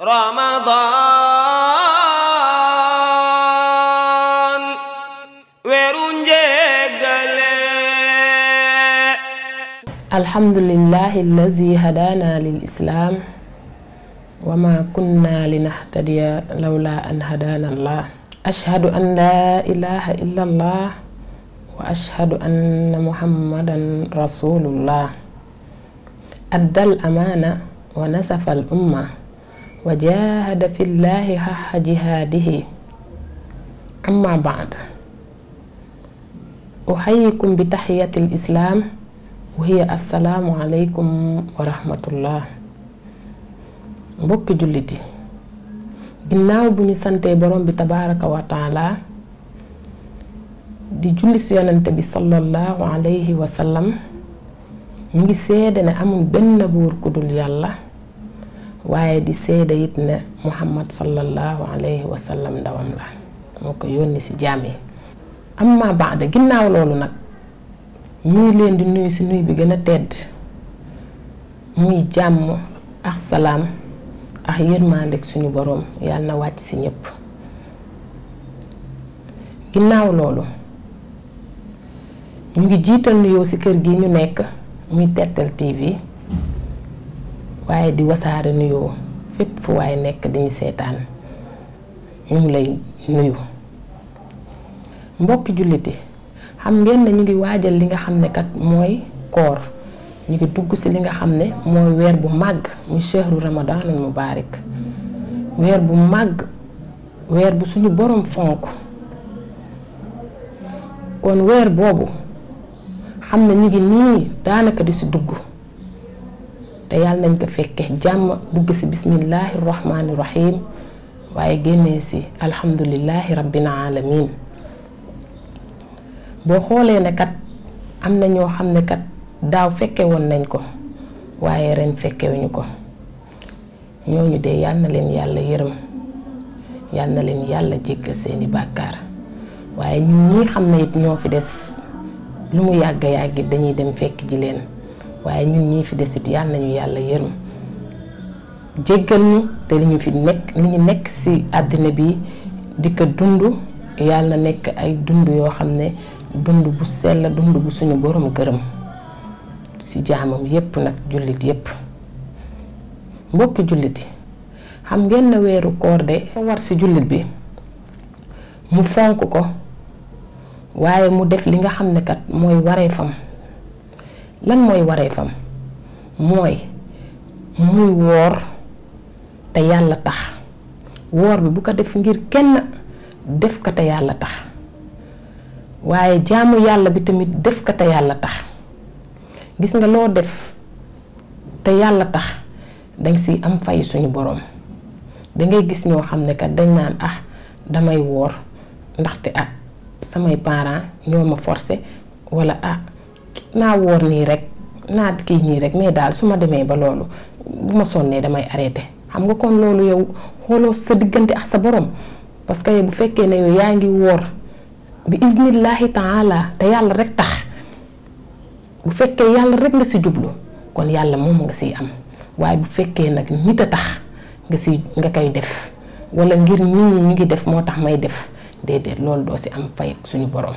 ramadan weeru njéggale alhamdulillahi allazi hadaana lil islaam wa ma kunna linahtadiya lawla an hadaana allah ashhadu an laa ilaha illa allah wa ashhadu anna muhammadan rasulullah addal amaana wa nasafa al umma wa jaahada fi llaahi xaxa jihaadihi amma baad uxayikum bi taxiyati lislaam wa hiya assalaamu aleykum wa mbokki jullit ginnaaw bu ñu santee borom bi tabaaraka wa di julli si yonante bi sallallahu alayhi wa sallam ngi seede ne amul benn buur ku dul yàlla waaye di seede it ne muhammad sallallahu alayhi wa ndawam la moo ko yónni ci jaam yi amma baada ginnaaw loolu nag muy leen di nuyu ci nuyu bi gën a tedd muy jàmm ak salaam ak yërmandeeg suñu boroom yàlla na wàcc ci ñépp ginnaaw loolu mu ngi jiital nuyoo ci kër gi ñu nekk muy Tektal TV waaye di wasaare nuyoo fépp waaye nekk di seetaan ñu ngi lay nuyu mbokki julliti xam ngeen ne ñu ngi waajal li nga xam ne kat mooy koor ñu ngi dugg ci li nga xam ne mooy weer bu màgg muy chehru mu mubaarak weer bu màgg weer bu suñu boroom fonk kon weer boobu xam ne ñu ngi nii daanaka di ci dugg te yàlla nañ ko fekke jàmm dugg si bismillahi rahmaani rahim waaye génnee si alhamdulilahi rabbil alamin boo xoolee ne kat am na ñoo xam ne kat daaw fekke woon nañ ko waaye ren fekkewuñu ko ñooñu de yàl na leen yàlla yërëm yàl na leen yàlla jéggal seeni bàkkaar waaye ñun ñii xam ne it ñoo fi des lu mu yàgg yàgg dañuy dem fekk ji leen waaye ñun ñii fi desit yàlla nañu yàlla yërëm jéggal ñu te li ñu fi nekk li ñu nekk ci àddina bi di ko dund yàlla nekk ay dund yoo xam ne dund bu sell dund bu suñu boroom gërëm ci jaamam yépp nag jullit yépp mbokki jullit yi xam ngeen ne weeru koor de war ci jullit bi mu fonk ko waaye mu def li nga xam ne kat mooy wareefam lan mooy waree fam mooy muy woor te yàlla tax woor bi bu ko def ngir kenn def ko te yàlla tax waaye jaamu yàlla bi tamit def ko te yàlla tax gis nga loo def te yàlla tax dañ si am fay suñu borom dangay gis ñoo xam ne kat dañ naan ah damay woor ndaxte ah samay parents ñoo ma forcé wala ah naa woor nii rek naa kii nii rek mais daal su ma demee ba loolu bu ma sonnee damay arrêté xam nga kon loolu yow xooloo sa diggante ak sa borom parce que bu fekkee ne yow yaa ngi woor bi isnillahi taala te yàlla rek tax bu fekkee yàlla rek nga si jublu kon yàlla moom nga siy am waaye bu fekkee nag nit a tax nga si nga koy def wala ngir nit ñi ñu ngi def moo tax may def déedéet loolu doo si am fay suñu boroom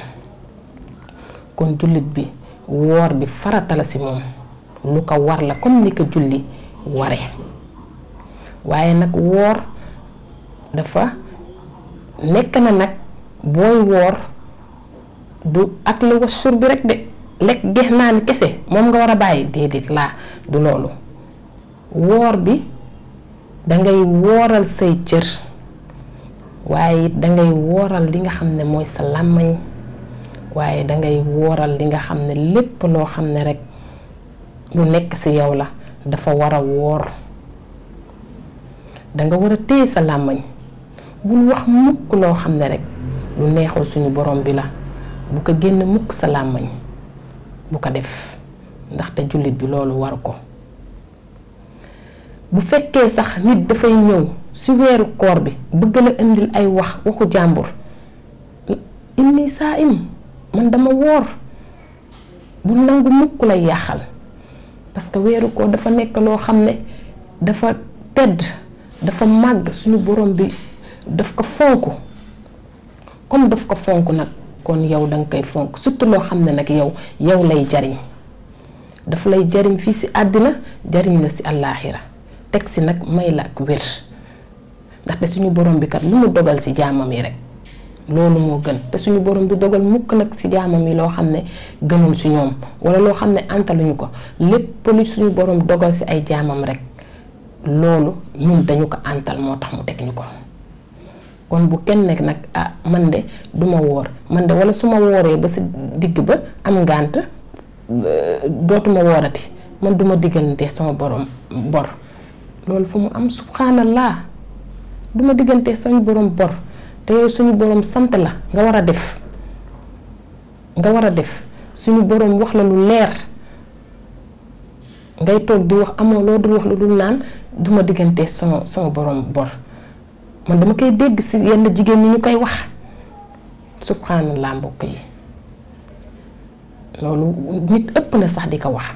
kon jullit bi. woor bi faratala la si moom lu ko war la comme ni julli ware waaye nag woor dafa nekk na nag booy woor du ak la wasur bi rek de lekk geex naa ni kese moom nga war a bàyyi déedéet laa du loolu woor bi dangay wooral say cër waaye it dangay wooral li nga xam ne mooy sa làmmañ waaye dangay wooral li nga xam ne lépp loo xam ne rekk lu nekk ci yow la dafa war a woor danga war a téye sa làmmañ bul wax mukk loo xam ne rekk lu neexul suñu borom bi la bu ko génn mukk sa làmmañ bu ko def ndaxte jullit bi loolu war ko bu fekkee sax nit dafay ñëw si weeru koor bi bëgg la indil ay wax waxu jàmbur inni saa im man dama woor bu nangu mukk lay yàqal parce que weeru koor dafa nekk loo xam ne dafa tedd dafa màgg suñu borom bi daf ko fonk comme daf ko fonk nag kon yow danga koy fonk surtout loo xam ne nag yow yow lay jariñ daf lay jariñ fii si àddina jariñ la si àllaaxira teg si nag may la ak wér ndaxte suñu borom bi kat lu mu dogal si jaamam yi rek loolu moo gën te suñu borom du dogal mukk nag si jaamam yi loo xam ne gënul si ñoom wala loo xam ne antaluñu ko lépp lu suñu boroom dogal si ay jaamam rek loolu ñun dañu ko antal moo tax mu teg ñu ko. kon bu kenn nekk nag ah man de du ma woor man de wala su ma wooree ba si digg ba am ngànt euh, dootuma woorati man duma ma diggante sama boroom bor loolu fu mu am subhanallah du ma diggante sama borom bor. te yow suñu borom sant la nga war a def nga war a def suñu borom wax la lu leer ngay toog di wax amoo loo dul wax lu dul naan duma diggante sama sama borom bor man dama koy dégg ci yenn jigéen ñi ñu koy wax subhanallah mbokk yi loolu nit ëpp na sax di ko wax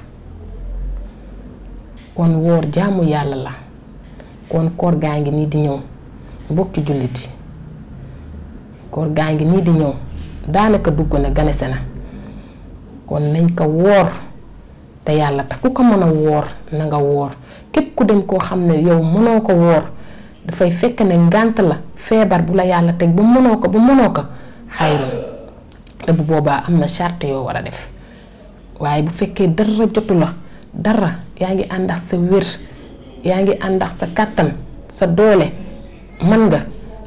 kon woor jaamu yàlla la kon koor gaa ngi nii di ñëw mbokki jullit yi koor gaa ngi nii di ñëw daanaka dugg na ganese na kon nañ ko woor te yàlla tax ku ko mën a woor na nga woor képp ku dem koo xam ne yow mënoo ko woor dafay fekk ne ngànt la feebar bu la yàlla teg ba mënoo ko ba mënoo ko xayru te bu boobaa am na charte yoo war a def waaye bu fekkee dara jotu la dara yaa ngi ànd sa wér yaa ngi ànd sa kàttan sa doole mën nga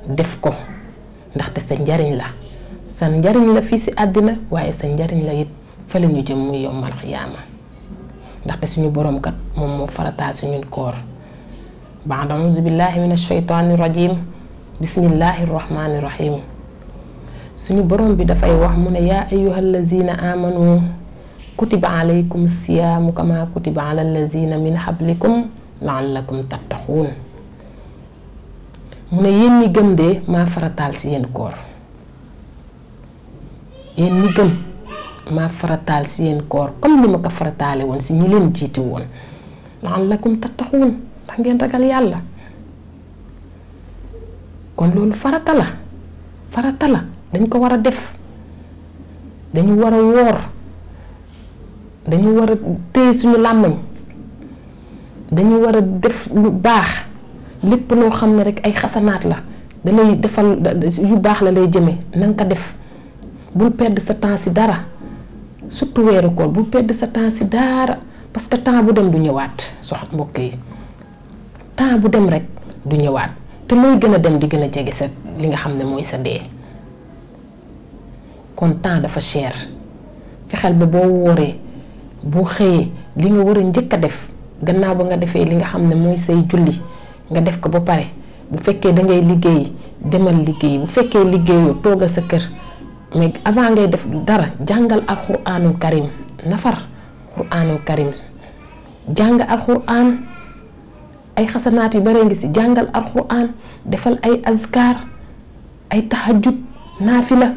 def ko ndaxte sa njariñ la sa njariñ la fii si àddina waaye sa njariñ la it fële ñu jëm muy yombal xiyaama ndaxte suñu boroom kat moom moo farataa suñu koor baad auzu billahi min asheytaani rajim bismillahi rahmaani rahim suñu boroom bi dafay wax mu ne yaa ayuha lazina amanu kutiba alaykum siyaamu kama kutiba ala lazina min xablikum laallakum tattaxuun mu ne yéen ñi gëm de maa farataal si yéen koor yéen ñi gëm maa farataal si yéen koor comme ni ma ko farataale woon si ñi leen jiite woon la'allakum tattaquun ndax ngeen ragal yàlla kon loolu farata la farata la dañ ko war a def dañu war a woor dañu war a téye suñu làmmiñ dañu war a def lu baax lépp loo xam ne rek ay xasanaat la da defal yu baax la lay jëmee na nga ko def bul pedd sa temps si dara surtout weeru koor bul pedd sa temps si dara parce que temps bu dem du ñëwaat sox mbokk yi temps bu dem rek du ñëwaat te looy gën a dem di gën a jege sa li nga xam ne mooy sa dee kon temps dafa cher fexeel ba boo wooree boo xëyee li nga war a njëkk a def gannaaw ba nga defee li nga xam ne mooy say julli. nga def ko ba pare bu fekkee da ngay liggéey demal liggéey bu fekkee liggéeyoo toogal sa kër mais avant ngay def dara jàngal alxuraanul karim nafar xuraanul karim jàng alxuraan ay xasanaat yu bare ngi si jàngal alxuraan defal ay azkar ay tahajjud naafila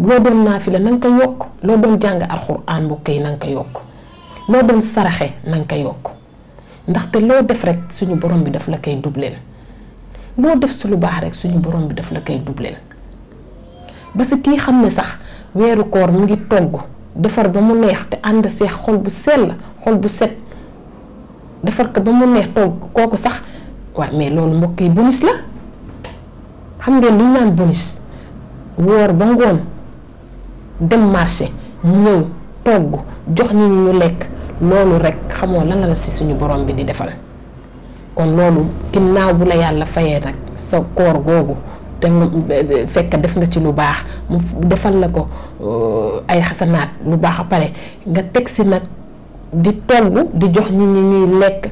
loo doon naafila na nga ko yokk loo doon jàng alxuraan mbokk yi na ko yokk loo doon saraxe na nga ko yokk ndaxte loo def rek suñu borom bi daf la koy dubleel loo def su lu baax rek suñu borom bi daf la koy dubleel ba si kii xam ne sax weeru koor mu ngi togg defar ba mu neex te ànd see xol bu sell xol bu set defar ko ba mu neex togg kooku sax waaw mais loolu mbokk yi bonus la xam ngeen li naan bonus woor ba ngoon dem marché ñëw togg jox ñi ñu lekk loolu rek xamoo lan la si suñu borom bi di defal kon loolu ginnaaw bu la yàlla fayee nag sa koor googu te fekk def nga ci lu baax mu defal la ko euh, ay xasanaat lu baax a pare nga teg si nag di togg di jox nit ñi ñuy lekk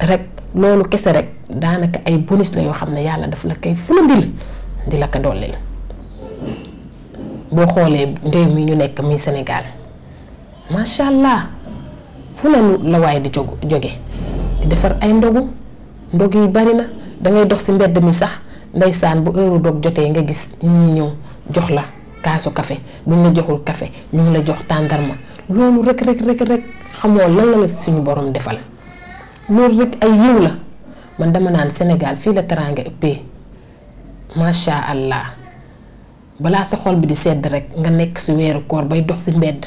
rek loolu kese rek daanaka ay bonus la yoo xam ne yàlla daf la koy fulandil di la ko dollil boo xoolee réew mi ñu nekk muy Sénégal macha allah. waaye di jóg jóge defar ay ndogu ndog yi bari na dangay dox ci mbedd mi sax ndeysaan bu heure dog jotee nga gis ñëw jox la kaasu café buñ joxul café ñu la jox tàndarma loolu rek rek rek xamoo lan la suñu borom defal loolu rek ay yiw la man dama naan Sénégal fii la teraanga ëppee macha allah balaa sa xol bi di sedd rek nga nekk ci weeru koor bay dox ci mbedd.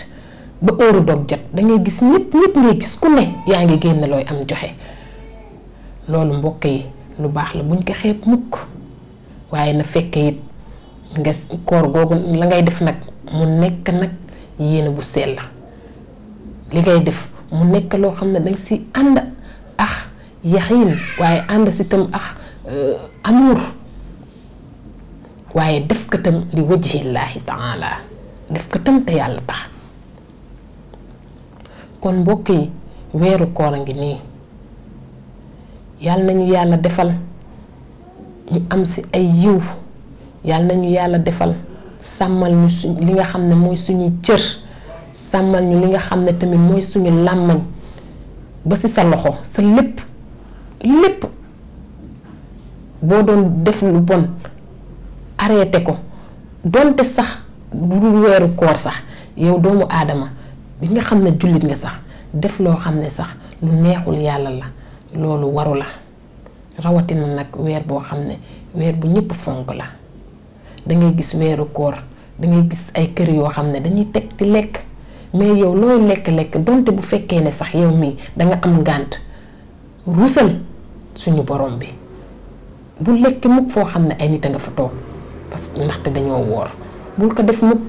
ba heure doog jot da gis ñëpp ñëpp ngay gis ku ne yaa ngi génn looy am joxe loolu mbokk yi lu baax la buñ ko xeeb mukk waaye na fekk it nga koor googu la ngay def nag mu nekk nag yéene bu sell li ngay def mu nekk loo xam ne danga si ànd ax yaxiin waaye ànd si tam ax euh, amuur waaye def ko tam li wajhillaahi taala def ko tam te yàlla tax kon mbokk yi weeru koor a ngi nii yàlla nañu yàlla defal ñu am si ay yiw yàlla nañu yàlla defal sàmmal ñu su li nga xam ne mooy suñuy cër sàmmal ñu li nga xam ne tamit mooy suñu làmmañ ba si sa loxo sa lépp lépp boo doon def lu bon arrêté ko doonte sax lu weeru koor sax yow doomu aadama bi nga xam ne jullit nga sax def loo xam ne sax lu neexul yàlla la loolu waru la rawatina nag weer boo xam ne weer bu ñëpp fonk la dangay gis weeru koor dangay gis ay kër yoo xam ne dañuy teg ci lekk mais yow looy lekk-lekk donte bu fekkee ne sax yow mii danga am ngànt rusal suñu borom bi bu lekk mukk foo xam ne ay nit a nga fa toog parce que ndaxte dañoo woor bul ko def mukk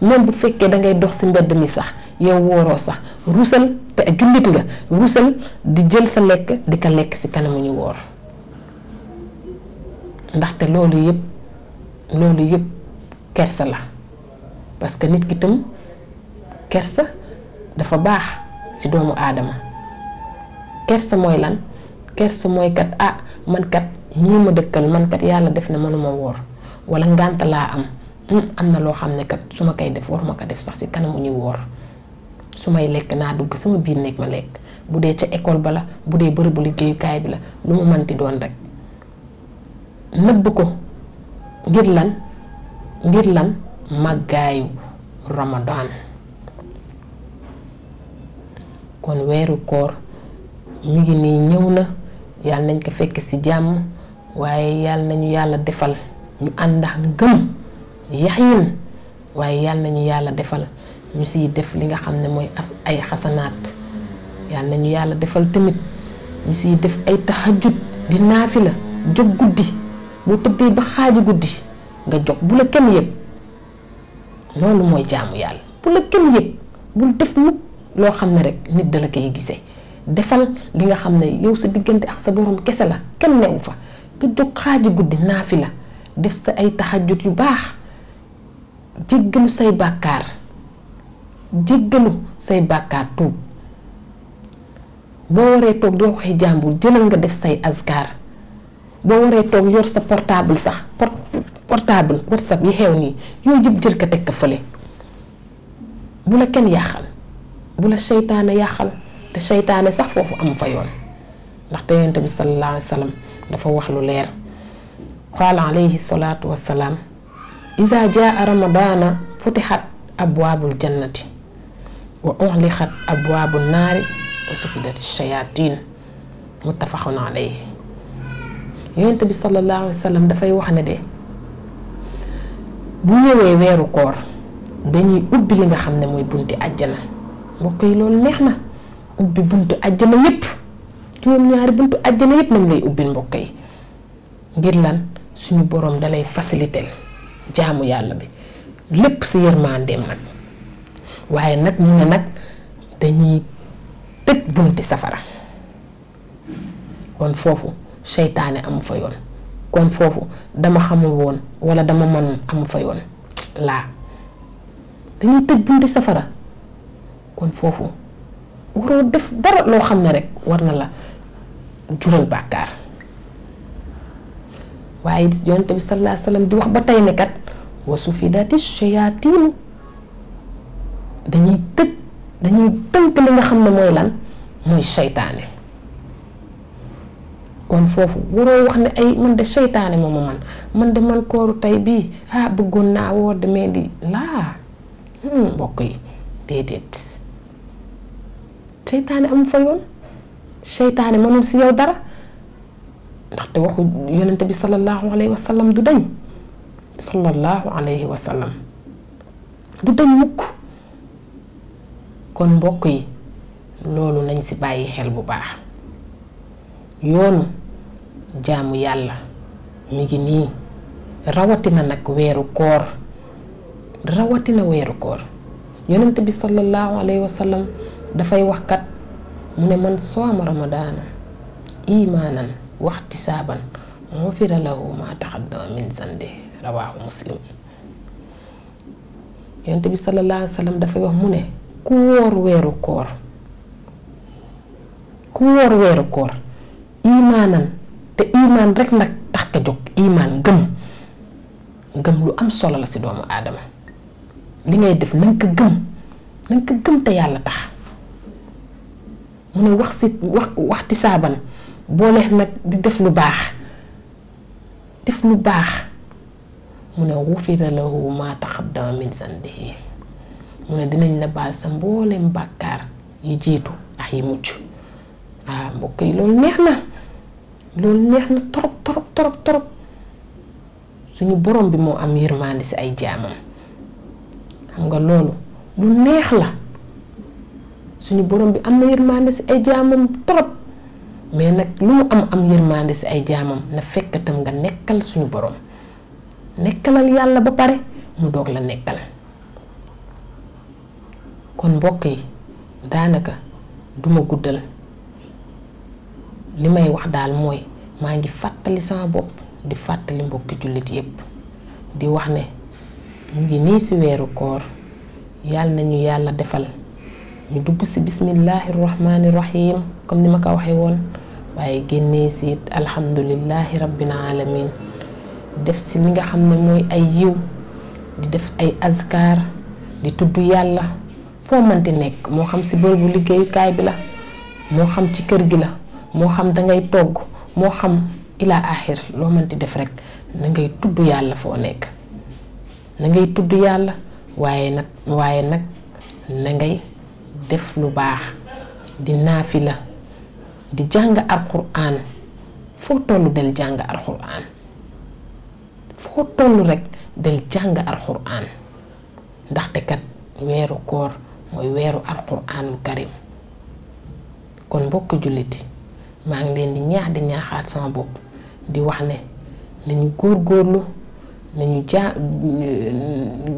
même bu fekkee da ngay dox ci mbedd mi sax yow wooroo sax ruusal te jullit nga ruusal di jël sa lekk di ko lekk ci kanamu ñu woor ndaxte loolu yëpp loolu yëpp kersa la parce que nit ki tam dafa baax ci doomu aadama kersa mooy lan kersa mooy kat ah man kat ñii ma dëkkal man kat yàlla def na mënuma woor walla ngànt laa am. am na loo xam ne kat su ma koy def war ma ko def sax si kanamu ñu woor su may lekk naa dugg sama biir nekk ma lekk bu dee ca école ba la bu dee bërëbu liggéeyukaay bi la lu mu mënti doon rek nëbb ko ngir lan ngir lan màggaayu ramadaan kon weeru koor mu ngi nii ñëw na yàlla nañ ko fekk ci jàmm waaye yàlla nañu yàlla defal ñu ànd ak ngëm yaxin waaye yàlla nañu yàlla defal ñu siy def li nga xam ne mooy as ay xasanaat yàlla nañu yàlla defal tamit ñu siy def ay taxajut di naafi la jóg guddi boo tëddee ba xaaju guddi nga jox bu la kenn yëg mooy jaamu yàlla bu la bul def mukk loo xam ne rek nit da la koy gisee defal li nga xam ne yow sa diggante ak sa borom kese la kenn newu fa nga jóg xaaji guddi naafi la def sa ay taxajut yu baax jéggalu say bàkkaar jéggalu say bàkkaar tuub boo waree toog di waxi jàmbur jëlal nga def say askar boo waree toog yor sa portable sax portable whatsapp yi xew nii yooyu jëpp jër ka teg ka fële bu la kenn yàqal bu la seytaane yàqal te seytaane sax foofu am fa yoon ndaxte yonent bi sallallahu alayhi dafa wax lu leer qaala alayhi salaatu wa isaa jaa ramadaana futixat abwaabul jannati wa uxlixat abwaabu naari wa sufidat shayatin yi alayhi yonent bi sallallahu alayhi wa dafay wax ne de bu ñëwee weeru koor dañuy ubbi li nga xam ne mooy bunti àjjana mbokk yi loolu neex na ubbi buntu àjjana yépp juróom-ñaari buntu àjjana yépp nañ lay ubbil mbokk yi ngir lan suñu boroom dalay faciliter jaamu yàlla bi lépp si yërmandeem nag waaye nag mu ne nag dañuy tëj bunti safara kon foofu seytaane amu fa yoon kon foofu dama xamul woon wala dama mën amu fa yoon laa dañuy tëj bunti safara kon foofu waroo def dara loo xam ne rek war na la jural bàkkaar waaye yonent bi sallallahu alayhi wa sallam di wax ba tey ne kat wa sufidati shayaatiinu dañuy tëj dañuy tënk li nga xam ne mooy lan mooy seytaane kon foofu waroo wax ne ay man de seytaane moom ma man man de man kooru tey bii ah bëggoon naa woor demee di laa hmm, mbokk yi déedéet seytaane am fa yoon seytaane mënul si yow dara ndaxte waxu yonente bi sallallahu alayhi wa sallam du dañ sallallahu alayhi wa sallam du dañ mukk kon mbokk yi loolu nañ ci bàyyi xel bu baax yoonu jaamu yàlla mu ngi nii rawatina nag weeru koor rawatina weeru koor yonent bi sallallahu alayhi wa dafay wax kat mu ne man sooma ramadaana imaanan waxti saaban gufira lahu ma taxaddama min zande rawaahu muslim yonent bi sallallahu alayhi wa dafay wax mu ne ku wóor weeru koor ku wóor weeru koor imaanan te imaan rek nag tax ka jóg imaan ngëm ngëm lu am solo la ci doomu aadama li ngay def nanga ko gëm nanga ko gëm te yàlla tax mu ne wax si wax waxti saaban booleex nag di def lu baax def lu baax mu ne wufira lahu ma taqaddama min zanbihi mu ne dinañ la baal sa mboolem bàkkaar yi jiitu ak yi mucc ah mbokk yi loolu neex na loolu neex na torop torop torop suñu borom bi moo am yërmaandi si ay jaamam xam nga loolu lu neex la suñu borom bi am na yërmaandi si ay jaamam torop mais nag lu mu am am yërmande si ay jaamam na fekk tam nga nekkal suñu borom nekkalal yàlla ba pare mu doog la nekkal kon mbokk yi daanaka duma guddal li may wax daal mooy maa ngi fàttali sama bopp di fàttali mbokki jullit yépp di wax ne mu ngi nii si weeru koor yàlla nañu yàlla defal ñu dugg si bismillahi rahmaani rahim comme ni ma ko waxee woon waaye génnee si it alhamdulillahi rabbil def si li nga xam ne mooy ay yiw di def ay azkar di tudd yàlla foo mënti nekk moo xam si bërëbu liggéeyukaay bi la moo xam ci kër gi la moo xam dangay togg moo xam ilaa axir loo mënti def rek na ngay tudd yàlla foo nekk na ngay tudd yàlla waaye nag waaye nag na ngay def lu baax di naafi la di jàng alxuraan foo toll del jàng alxuraan foo toll rekk del jàng alxuraan ndaxte kat weeru koor mooy weeru alxuraanul karim kon mbokk julliti maa ngi leen di ñaax di ñaaxaat sama bopp di wax ne nañu góorgóorlu nañu jaa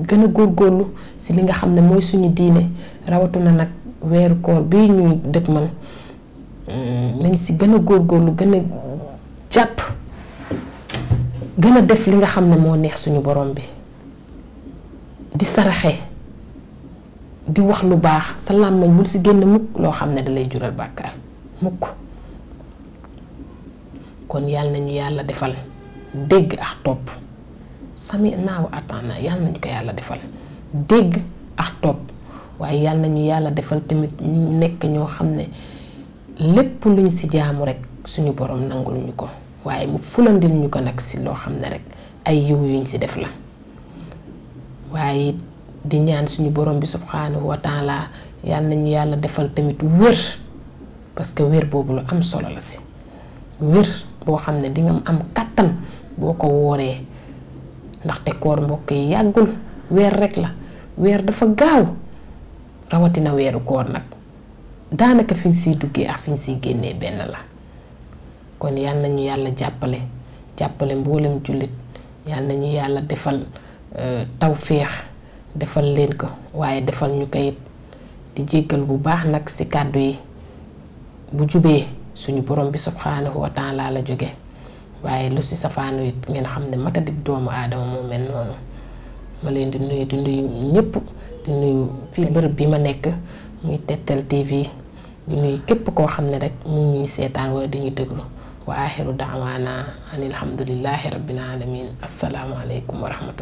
gën a góor góorlu si li nga xam ne mooy suñu diine rawatuna nag weeru koor bi ñuy dëgmal nañ si gën a góor góor lu gën a jàpp gën a def li nga xam ne moo neex suñu borom bi di saraxe di wax lu baax sa làmmiñ bul si génn mukk loo xam ne dalay jural bàkkaar mukk kon yàlla nañu yàlla defal dégg ak topp sami naaw ataana yàlla nañu ko yàlla defal dégg ak topp waaye yàlla nañu yàlla defal tamit ñu nekk ñoo xam ne lépp luñ si jaamu rek suñu borom nangul ñu ko waaye mu fulandil ñu ko nag si loo xam ne rek ay yiw yuñ si def la waaye di ñaan suñu borom bi subxanahu wa taala yàlla nañu yàlla defal tamit wér parce que wér boobu lu am solo la si wér boo xam ne di am kàttan boo ko wooree ndaxte koor mbokk yi yàggul weer rek la weer dafa gaaw. rawatina weeru koor nag daanaka fiñ ñu siy duggee ak fi siy génnee benn la kon yàlla nañu yàlla jàppale jàppale mboolem jullit yàlla nañu yàlla defal euh, tawféex defal leen ko waaye defal ñu kayit di jéggal bu baax nag ci kàddu yi bu jubee suñu borom bi subxanahu wa laa la jóge waaye lu ci safaanu it ngeen xam ne matadib doomu aadama moo mel noonu ma leen di nuyu di nuyu ñëpp. di nuyu fii bërëb bi ma nekk muy Tektal TV di nuyu képp koo xam ne rek mu ñuy seetaan wala dañuy déglu waa axiru daawaana an alhamdulillahi rabbil alamin assalaamu aleykum wa rahmatullah